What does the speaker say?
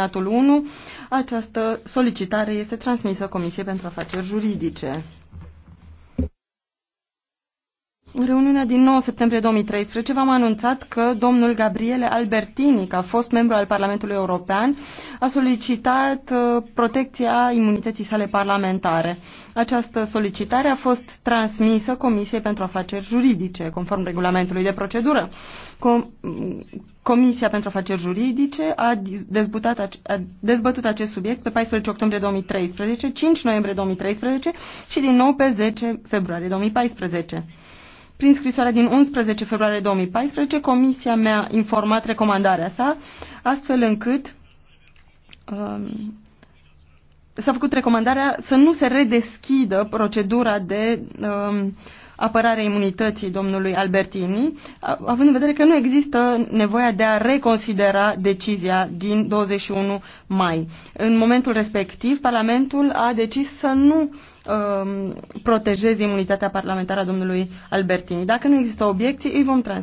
alineatul 1. Această solicitare este transmisă Comisiei pentru Afaceri Juridice. În reuniunea din 9 septembrie 2013 v-am anunțat că domnul Gabriele Albertini, ca fost membru al Parlamentului European, a solicitat uh, protecția imunității sale parlamentare. Această solicitare a fost transmisă Comisiei pentru Afaceri Juridice, conform regulamentului de procedură. Com Comisia pentru Afaceri Juridice a, a dezbătut acest subiect pe 14 octombrie 2013, 5 noiembrie 2013 și din nou pe 10 februarie 2014. Prin scrisoarea din 11 februarie 2014, Comisia mi-a informat recomandarea sa, astfel încât um, s-a făcut recomandarea să nu se redeschidă procedura de um, apărarea imunității domnului Albertini, având în vedere că nu există nevoia de a reconsidera decizia din 21 mai. În momentul respectiv, Parlamentul a decis să nu um, protejeze imunitatea parlamentară a domnului Albertini. Dacă nu există obiecții, îi vom transmite.